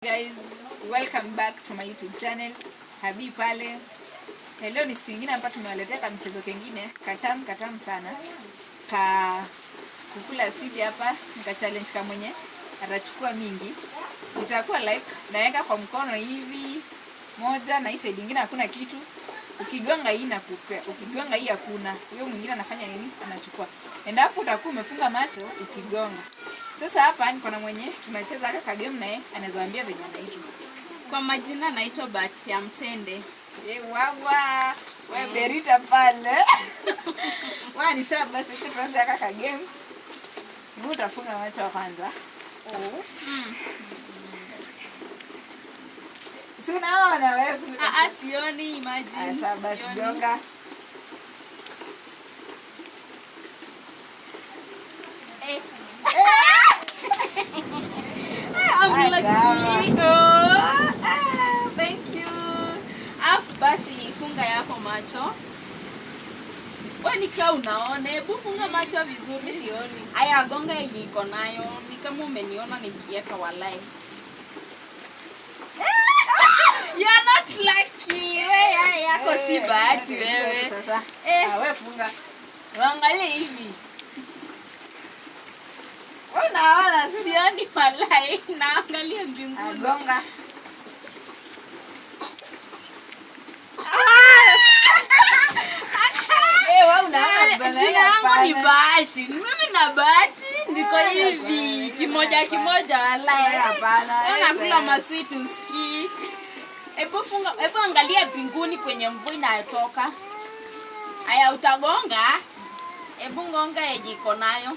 Guys, welcome back to my YouTube channel. Habi pale. Hello, ni siku nyingine hapa tumewaletea ka mchezo kingine katam katam sana. Ka kukula sweet hapa, nika challenge kama mwenye atachukua mingi. Itakuwa like naweka kwa mkono hivi moja na hii side nyingine hakuna kitu. Ukigonga hii na nakupa, ukigonga hii hakuna. Hiyo mwingine anafanya nini? Anachukua. Endapo utakuwa umefunga macho ukigonga. Sasa hapa niko na mwenye tunacheza kaka game naye anaweza ambia venye anaitwa. Kwa majina naitwa Bahati ya Mtende. Eh, wawa. Wewe Berita pale. Wewe ni sawa basi sisi tuanze kaka game. Mbona utafunga macho kwanza? Oh. Mm. Si unaona wewe? Ah ah, sioni imagine. Ah, Sasa basi jonga. Eh. eh would like to Oh, ah, thank you. Afu basi funga yako macho. Wewe nikaa unaona, hebu funga macho vizuri. Mimi sioni. Aya gonga yenye iko nayo. Ni kama umeniona nikiweka walai. You're not lucky. Wewe yako si bahati wewe. Eh, wewe ah, funga. Waangalie hivi. Unaona, sioni walai, naangalia mbinguni. Ah! Eh, jina yangu ni Bahati. Mimi na Bahati ah, niko hivi kimoja kimoja, walai. Nakula maswiti usikii. Hebu funga, hebu angalia mbinguni kwenye mvua inatoka. Haya, utagonga. Hebu ngonga yenye nayo.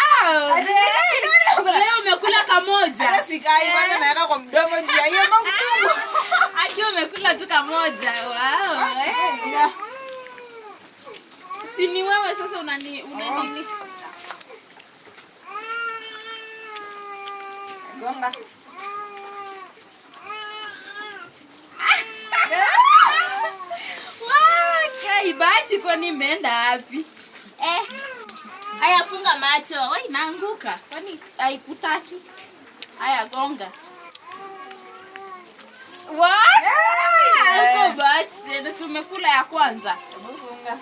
leo umekula kamoja eh. akiwa umekula tu kamoja eh. si wewe sasa unani unanini kwani imeenda wapi? Aya, funga macho. Oi, naanguka. Kwani haikutaki? Aya, gonga. What? Yeah. Uko bati, nasi umekula ya kwanza. funga.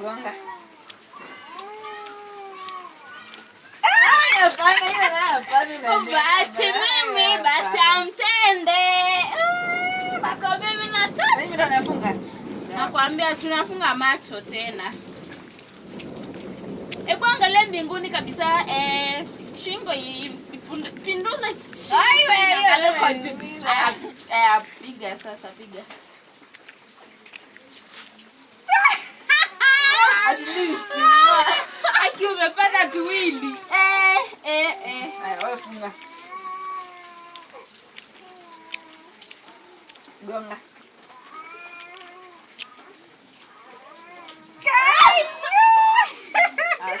Gonga. Aya, pana hiyo na pana. Bati mimi basi amtende. Nakwambia tunafunga macho tena. Hebu angalia mbinguni kabisa, eh, shingo pinduza ah, ah, piga sasa, piga aki umepata tuwili eh, eh, eh. gonga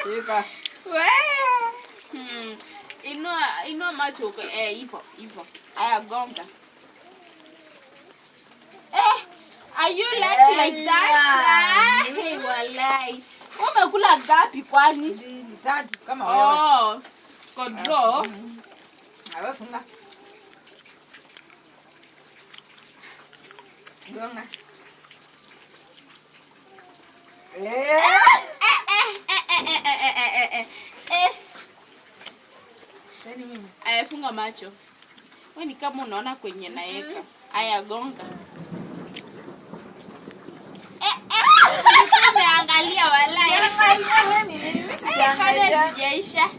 Shika. Wewe. Hmm. Inua inua macho uko eh, hivyo hivyo. Aya gonga. Eh, are you late like that? Ni walai. Umekula gapi kwani? Tatu kama wewe. Oh. Kodro. Awe ah, mm. ah, wewe funga. Gonga. Eh. Eh, eh, eh, Aya, macho. Wewe ni kama unaona kwenye naeka. Aya, gonga. Angalia wala sijaisha.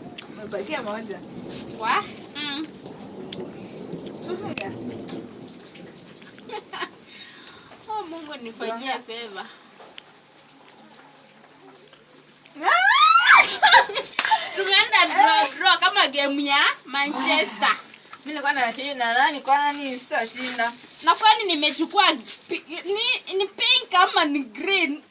Mm. Oh, Mungu nifanyie favor. tukaenda draw draw kama game ya Manchester. Mimi nilikuwa na nadhani kwani sitashinda. Na kwani nimechukua ni, ni pink ama ni green.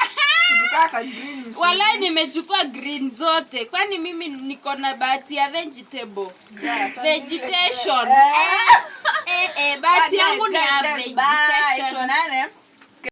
Walai nimechukua green zote. Kwani mimi niko na bahati ya vegetable. vegetation. Eh, eh, eh, bahati yangu ni ya vegetation.